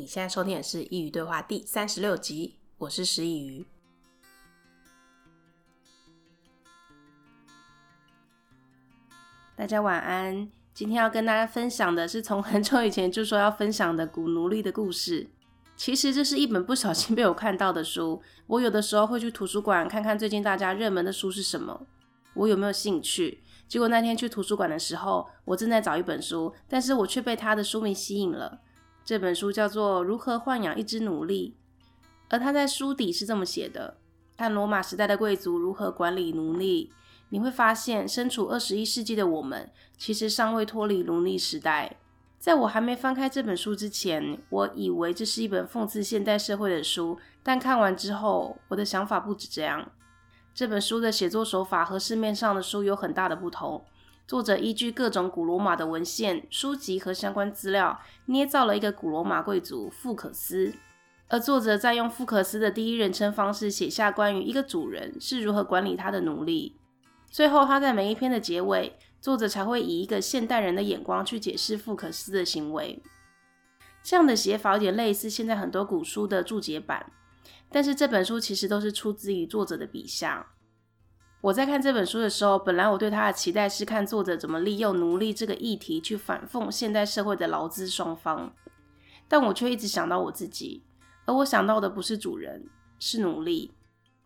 你現在收聽的是《佾萮對話》第三十六集，我是師佾萮。大家晚安。今天要跟大家分享的是從很久以前就說要分享的古奴隸的故事。其實這是一本不小心被我看到的書。我有的時候會去圖書館看看最近大家熱門的書是什麼，我有沒有興趣。結果那天去圖書館的時候，我正在找一本書，但是我卻被他的書名吸引了。這本書叫做《如何豢養一隻奴隸》，而它在書底是這麼寫的：看羅馬時代的貴族如何管理奴隸，你會發現身處二十一世紀的我們，其實尚未脫離奴隸時代。在我還沒翻開這本書之前，我以為這是一本諷刺現代社會的書，但看完之後，我的想法不止這樣。這本書的寫作手法和市面上的書有很大的不同。作者依據各種古羅馬的文獻、書籍和相關資料，捏造了一個古羅馬貴族富可思，而作者在用富可思的第一人稱方式寫下關於一個主人是如何管理他的奴隸。最後，他在每一篇的結尾，作者才會以一個現代人的眼光去解釋富可思的行為。這樣的寫法有點類似現在很多古書的注解版，但是這本書其實都是出自於作者的筆下。我在看這本書的時候，本來我對他的期待是看作者怎麼利用奴隸這個議題去反諷現代社會的勞資雙方，但我卻一直想到我自己，而我想到的不是主人，是奴隸。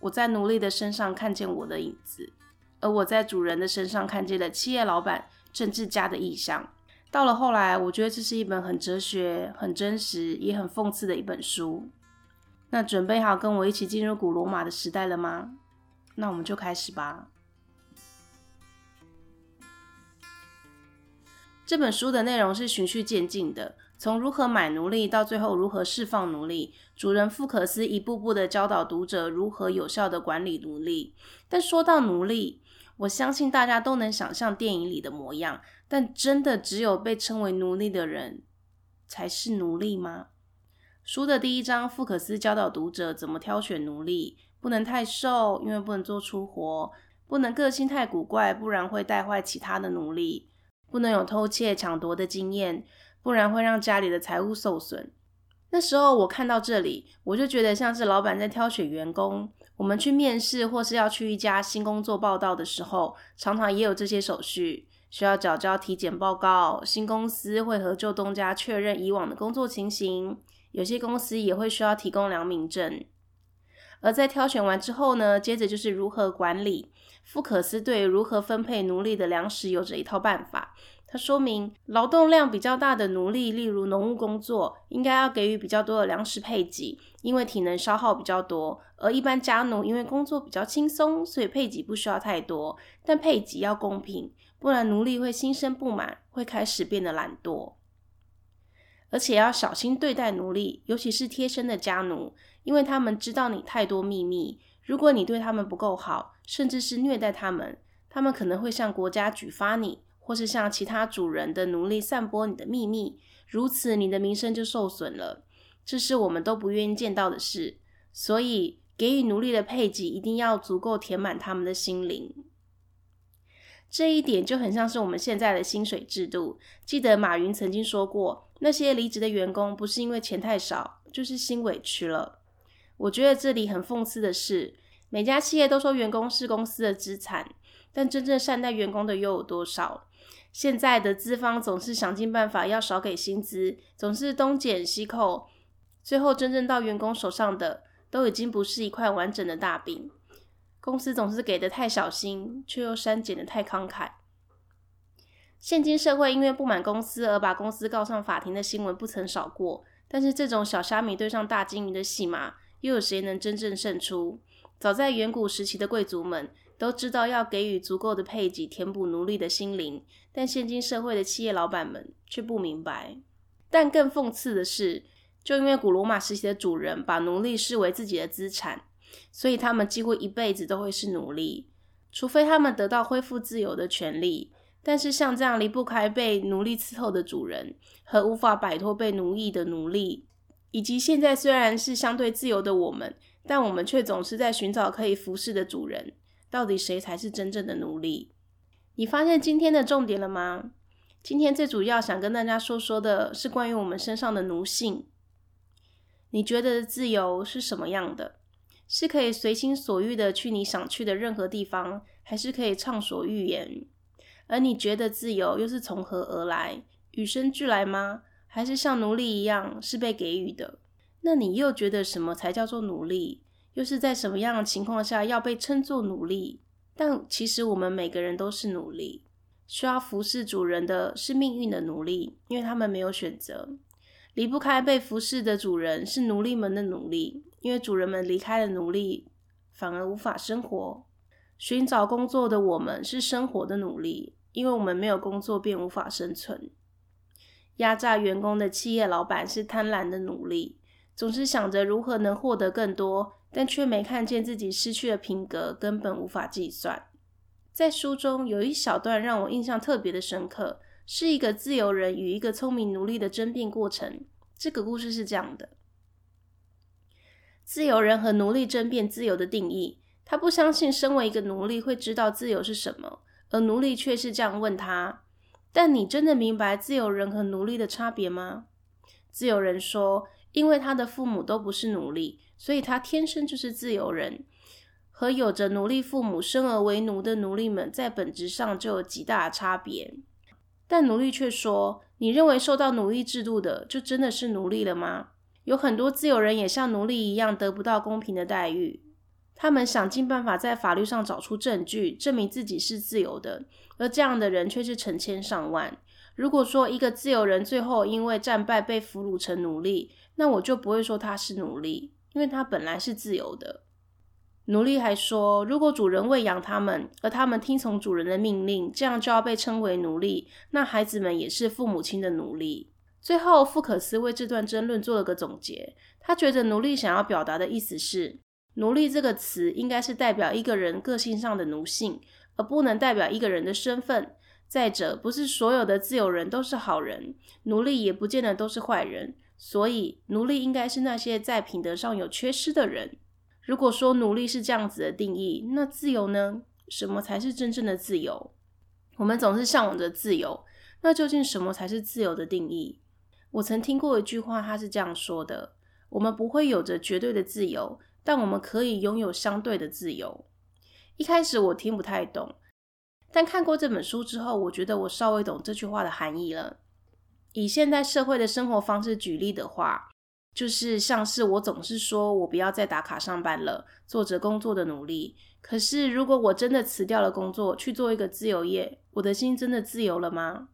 我在奴隸的身上看見我的影子，而我在主人的身上看見了企業老闆、政治家的意象。到了後來，我覺得這是一本很哲學、很真實，也很諷刺的一本書。那準備好跟我一起進入古羅馬的時代了嗎？那我們就開始吧。這本書的內容是循序漸進的，從如何買奴隸到最後如何釋放奴隸，主人富可斯一步步的教導讀者如何有效的管理奴隸。但說到奴隸，我相信大家都能想象電影裡的模樣。但真的只有被稱為奴隸的人才是奴隸嗎？書的第一章，富可斯教導讀者怎麼挑選奴隸。不能太瘦，因為不能做粗活；不能個性太古怪，不然會帶壞其他的奴隸；不能有偷竊、搶奪的經驗，不然會讓家裡的財物受損。那時候我看到這裡，我就覺得像是老闆在挑選員工。我們去面試，或是要去一家新工作報到的時候，常常也有這些手續，需要繳交體檢報告。新公司會和舊東家確認以往的工作情形，有些公司也會需要提供良民證。而在挑選完之後呢，接着就是如何管理。福克斯對如何分配奴隸的糧食有着一套辦法。他說明，勞動量比較大的奴隸，例如農務工作，應該要給予比較多的糧食配給，因為體能消耗比較多。而一般家奴，因為工作比較輕鬆，所以配給不需要太多。但配給要公平，不然奴隸會心生不滿，會開始變得懶惰。而且要小心對待奴隸，尤其是貼身的家奴。因為他們知道你太多秘密，如果你對他們不夠好，甚至是虐待他們，他們可能會向國家舉發你，或是向其他主人的奴隸散播你的秘密，如此你的名聲就受損了。這是我們都不願意見到的事。所以，給予奴隸的配給一定要足夠填滿他們的心靈。這一點就很像是我們現在的薪水制度。記得馬雲曾經說過，那些離職的員工不是因為錢太少，就是心委屈了。我覺得這裡很諷刺的是，每家企業都說員工是公司的資產，但真正善待員工的又有多少？現在的資方總是想盡辦法要少給薪資，總是東減西扣，最後真正到員工手上的都已經不是一塊完整的大餅。公司總是給得太小心，卻又刪減得太慷慨。現今社會因為不滿公司而把公司告上法庭的新聞不曾少過，但是這種小蝦米對上大鯨魚的戲碼。又有誰能真正勝出？早在遠古時期的貴族們都知道要給予足夠的配給，填補奴隸的心靈，但現今社會的企業老板們卻不明白。但更諷刺的是，就因為古羅馬時期的主人把奴隸視為自己的資產，所以他們幾乎一輩子都會是奴隸，除非他們得到恢復自由的權利。但是像這樣離不開被奴隸伺候的主人和無法擺脫被奴役的奴隸。以及現在雖然是相對自由的我們，但我們卻總是在尋找可以服侍的主人。到底誰才是真正的奴隸？你發現今天的重點了嗎？今天最主要想跟大家說說的是關於我們身上的奴性。你覺得自由是什麼樣的？是可以隨心所欲的去你想去的任何地方，還是可以暢所欲言？而你覺得自由又是從何而來？與生俱來嗎？還是像奴隸一樣是被給予的？那你又覺得什麼才叫做奴隸？又是在什麼樣的情況下要被稱作奴隸？但其實我們每個人都是奴隸，需要服侍主人的是命運的奴隸，因為他們沒有選擇；離不開被服侍的主人是奴隸們的奴隸，因為主人們離開了奴隸反而無法生活。尋找工作的我們是生活的奴隸，因為我們沒有工作便無法生存。壓榨員工的企業老板是貪婪的奴隸，總是想着如何能獲得更多，但卻沒看見自己失去的品格根本無法計算。在書中有一小段讓我印象特別的深刻，是一個自由人與一個聰明奴隸的爭辯過程。這個故事是這樣的：自由人和奴隸爭辯自由的定義，他不相信身為一個奴隸會知道自由是什麼，而奴隸卻是這樣問他。但你真的明白自由人和奴隸的差別嗎？自由人說，因為他的父母都不是奴隸，所以他天生就是自由人，和有着奴隸父母生而為奴的奴隸們在本質上就有極大的差別。但奴隸卻說，你認為受到奴隸制度的就真的是奴隸了嗎？有很多自由人也像奴隸一樣得不到公平的待遇。他們想盡辦法在法律上找出證據，證明自己是自由的。而這樣的人卻是成千上萬。如果說一個自由人最後因為戰敗被俘虜成奴隸，那我就不會說他是奴隸，因為他本來是自由的。奴隸還說，如果主人餵養他們，而他們聽從主人的命令，這樣就要被稱為奴隸。那孩子們也是父母親的奴隸。最後，福克斯為這段爭論做了個總結。他覺得奴隸想要表達的意思是，奴隸這個詞應該是代表一個人個性上的奴性，而不能代表一個人的身份。再者，不是所有的自由人都是好人，奴隸也不見得都是壞人。所以，奴隸應該是那些在品德上有缺失的人。如果說奴隸是這樣子的定義，那自由呢？什麼才是真正的自由？我們總是向往着自由，那究竟什麼才是自由的定義？我曾聽過一句話，他是這樣說的：“我們不會有着絕對的自由。”但我們可以擁有相對的自由。一開始我聽不太懂，但看過這本書之後，我覺得我稍微懂這句話的含義了。以現代社會的生活方式舉例的話，就是像是我總是說我不要再打卡上班了，做着工作的努力。可是如果我真的辭掉了工作，去做一個自由業，我的心真的自由了嗎？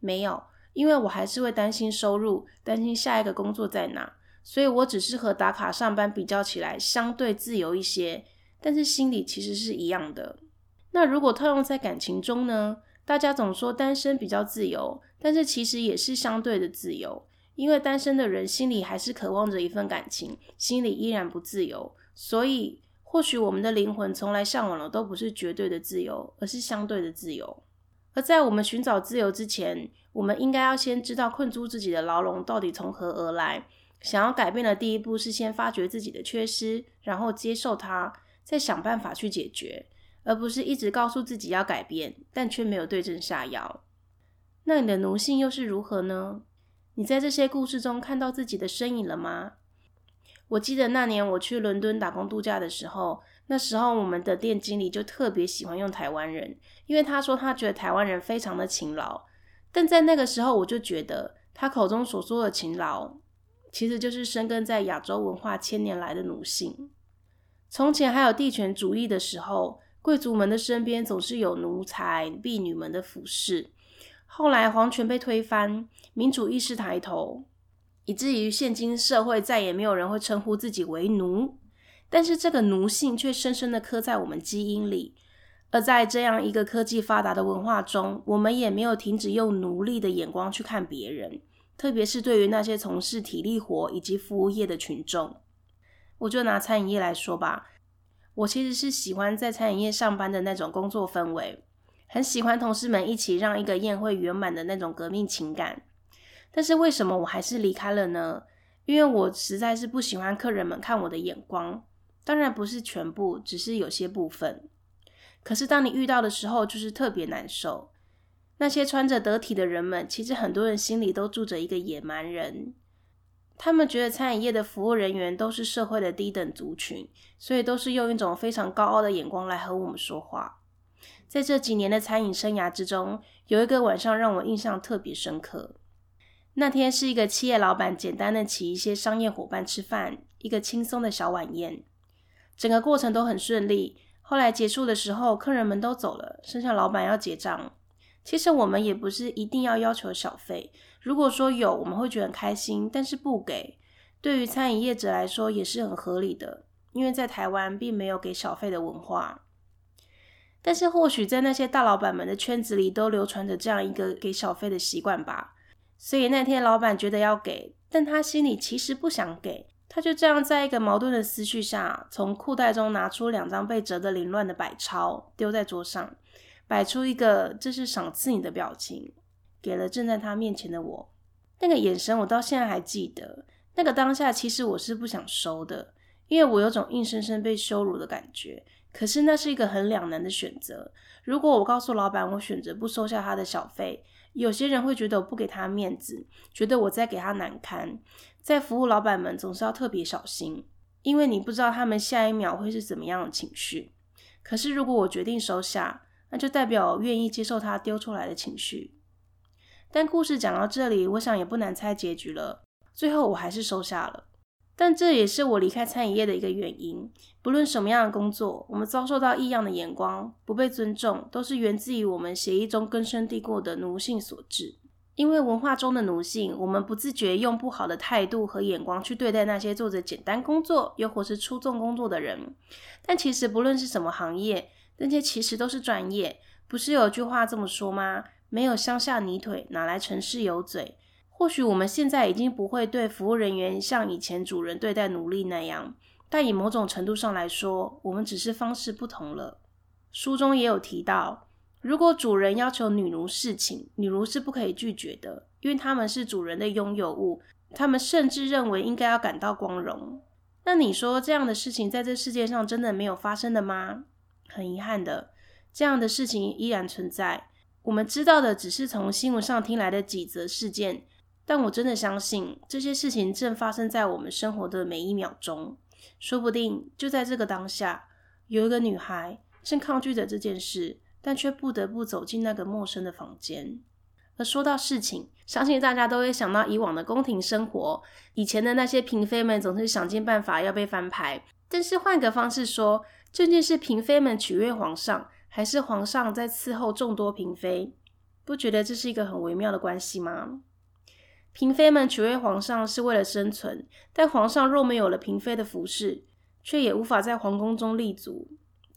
沒有，因為我還是會擔心收入，擔心下一個工作在哪。所以，我只是和打卡上班比較起來，相對自由一些，但是心裡其實是一樣的。那如果套用在感情中呢？大家總說單身比較自由，但是其實也是相對的自由，因為單身的人心裡還是渴望着一份感情，心裡依然不自由。所以，或許我們的靈魂從來嚮往的都不是絕對的自由，而是相對的自由。而在我們尋找自由之前，我們應該要先知道困住自己的牢籠到底從何而來。想要改變的第一步是先發覺自己的缺失，然後接受它，再想辦法去解決，而不是一直告訴自己要改變，但卻沒有對症下藥。那你的奴性又是如何呢？你在這些故事中看到自己的身影了嗎？我記得那年我去倫敦打工度假的時候，那時候我們的店經理就特別喜歡用台灣人，因為他說他覺得台灣人非常的勤勞，但在那個時候我就覺得他口中所說的勤勞。其實就是生根在亞洲文化千年來的奴性。從前還有帝權主義的時候，貴族們的身邊總是有奴才、婢女們的服侍。後來皇權被推翻，民主意識抬頭，以至於現今社會再也沒有人會稱呼自己為奴。但是這個奴性卻深深的刻在我們基因裡。而在這樣一個科技發達的文化中，我們也沒有停止用奴隸的眼光去看別人。特別是對於那些從事體力活以及服務業的群眾，我就拿餐飲業來說吧。我其實是喜歡在餐飲業上班的那種工作氛圍，很喜歡同事們一起讓一個宴會圓滿的那種革命情感。但是為什麼我還是離開了呢？因為我實在是不喜歡客人們看我的眼光。當然不是全部，只是有些部分。可是當你遇到的時候，就是特別難受。那些穿着得體的人們，其實很多人心裡都住着一個野蠻人。他們覺得餐飲業的服務人員都是社會的低等族群，所以都是用一種非常高傲的眼光來和我們說話。在這幾年的餐飲生涯之中，有一個晚上讓我印象特別深刻。那天是一個企業老板簡單的請一些商業夥伴吃飯，一個輕鬆的小晚宴，整個過程都很順利。後來結束的時候，客人們都走了，剩下老板要結賬。其實我們也不是一定要要求小費。如果說有，我們會覺得開心，但是不給，對於餐飲業者來說也是很合理的，因為在台灣並沒有給小費的文化。但是或許在那些大老闆們的圈子裡，都流傳着這樣一個給小費的習慣吧。所以那天老闆覺得要給，但他心裡其實不想給，他就這樣在一個矛盾的思緒下，從褲袋中拿出兩張被折得凌亂的百鈔，丟在桌上。擺出一個這是賞賜你的表情，給了正在他面前的我，那個眼神我到現在還記得。那個當下其實我是不想收的，因為我有種硬生生被羞辱的感覺。可是那是一個很兩難的選擇。如果我告訴老板我選擇不收下他的小費，有些人會覺得我不給他面子，覺得我在給他難堪。在服務老板們總是要特別小心，因為你不知道他們下一秒會是怎麼樣的情緒。可是如果我決定收下，那就代表願意接受他丟出來的情緒。但故事講到這裡，我想也不難猜結局了。最後我還是收下了，但這也是我離開餐飲業的一個原因。不論什麼樣的工作，我們遭受到異樣的眼光、不被尊重，都是源自於我們協議中根深蒂固的奴性所致。因為文化中的奴性，我們不自覺用不好的態度和眼光去對待那些做着簡單工作又或是出眾工作的人。但其實不論是什麼行業。那些其實都是專業，不是有一句話這麼說嗎？沒有鄉下泥腿，哪來城市油嘴？或許我們現在已經不會對服務人員像以前主人對待奴隸那樣，但以某種程度上來說，我們只是方式不同了。書中也有提到，如果主人要求女奴侍寢，女奴是不可以拒絕的，因為她們是主人的擁有物，她們甚至認為應該要感到光榮。那你說這樣的事情在這世界上真的沒有發生的嗎？很遺憾的，這樣的事情依然存在。我們知道的只是從新聞上聽來的幾則事件，但我真的相信這些事情正發生在我們生活的每一秒鐘。說不定就在這個當下，有一個女孩正抗拒着這件事，但卻不得不走進那個陌生的房間。而說到事情，相信大家都會想到以往的宮廷生活，以前的那些嬪妃們總是想盡辦法要被翻牌，但是換個方式說。究竟是嬪妃們取悅皇上，還是皇上在伺候眾多嬪妃？不覺得這是一個很微妙的關係嗎？嬪妃們取悅皇上是為了生存，但皇上若沒有了嬪妃的服侍，卻也無法在皇宮中立足。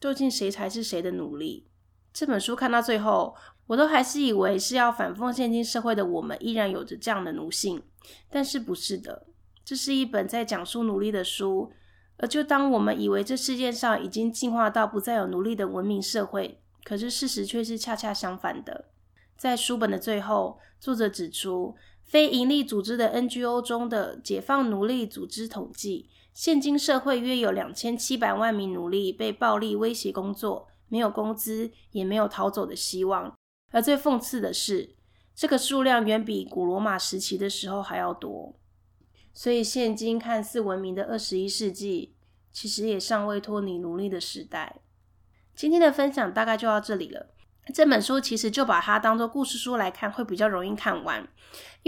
究竟誰才是誰的奴隸？這本書看到最後，我都還是以為是要反奉現今社會的我們依然有着這樣的奴性，但是不是的，這是一本在講述奴隸的書。而就當我們以為這世界上已經進化到不再有奴隸的文明社會，可是事實卻是恰恰相反的。在書本的最後，作者指出，非營利組織的 NGO 中的解放奴隸組織統計，現今社會約有兩千七百萬名奴隸被暴力威脅工作，沒有工資，也沒有逃走的希望。而最諷刺的是，這個數量遠比古羅馬時期的時候還要多。所以，現今看似文明的二十一世紀，其實也尚未脫離奴隸的時代。今天的分享大概就到這裡了。這本書其實就把它當做故事書來看，會比較容易看完。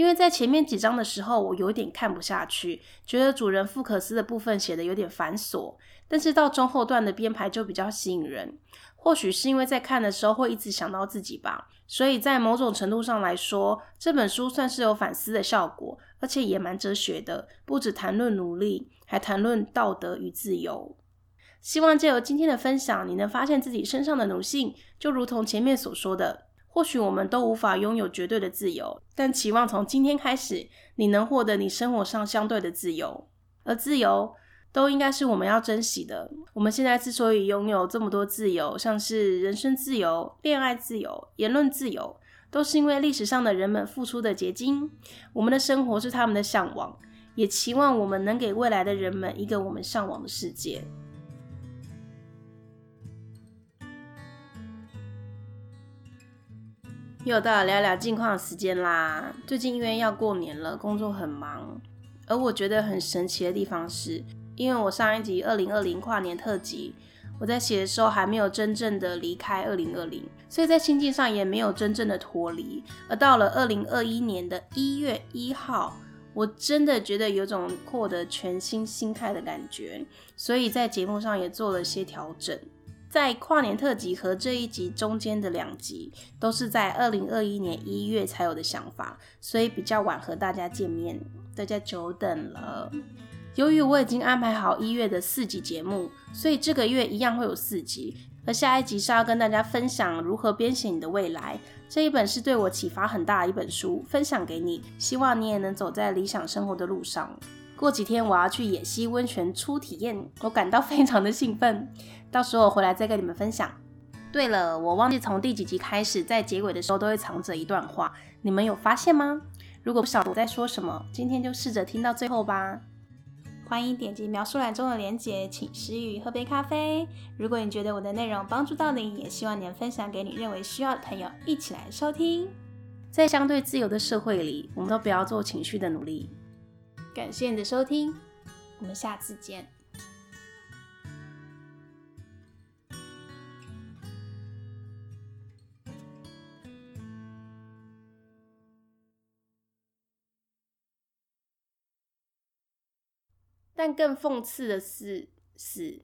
因為在前面幾章的時候，我有點看不下去，覺得主人傅可思的部分寫的有點繁瑣，但是到中後段的編排就比較吸引人。或許是因為在看的時候會一直想到自己吧，所以在某種程度上來說，這本書算是有反思的效果，而且也蠻哲學的，不只談論奴隸，還談論道德與自由。希望借由今天的分享，你能發現自己身上的奴性，就如同前面所說的。或許我們都無法擁有絕對的自由，但期望從今天開始，你能獲得你生活上相對的自由。而自由都應該是我們要珍惜的。我們現在之所以擁有這麼多自由，像是人身自由、戀愛自由、言論自由，都是因為歷史上的人們付出的結晶。我們的生活是他們的向往，也期望我們能給未來的人們一個我們向往的世界。又到了聊聊近況的時間啦！最近因為要過年了，工作很忙。而我覺得很神奇的地方是，因為我上一集二零二零跨年特輯，我在寫的時候還沒有真正的離開二零二零，所以在心境上也沒有真正的脫離。而到了二零二一年的一月一號，我真的覺得有種獲得全新心態的感覺，所以在節目上也做了些調整。在跨年特輯和這一集中間的兩集都是在二零二一年一月才有的想法，所以比較晚和大家見面，大家久等了。由於我已經安排好一月的四集節目，所以這個月一樣會有四集。而下一集是要跟大家分享如何編寫你的未來，這一本是對我啟發很大的一本書，分享給你，希望你也能走在理想生活的路上。過幾天我要去野溪溫泉初體驗，我感到非常的興奮。到時候我回來再跟你們分享。對了，我忘記從第幾集開始，在結尾的時候都會藏着一段話，你們有發現嗎？如果不曉得我在說什麼，今天就試着聽到最後吧。歡迎點擊描述欄中的鏈接，請師佾萮喝杯咖啡。如果你覺得我的內容幫助到你，也希望你能分享給你認為需要的朋友一起來收聽。在相對自由的社會裡，我們都不要做情緒的奴隸。感謝你的收聽，我們下次見。但更諷刺的是，是。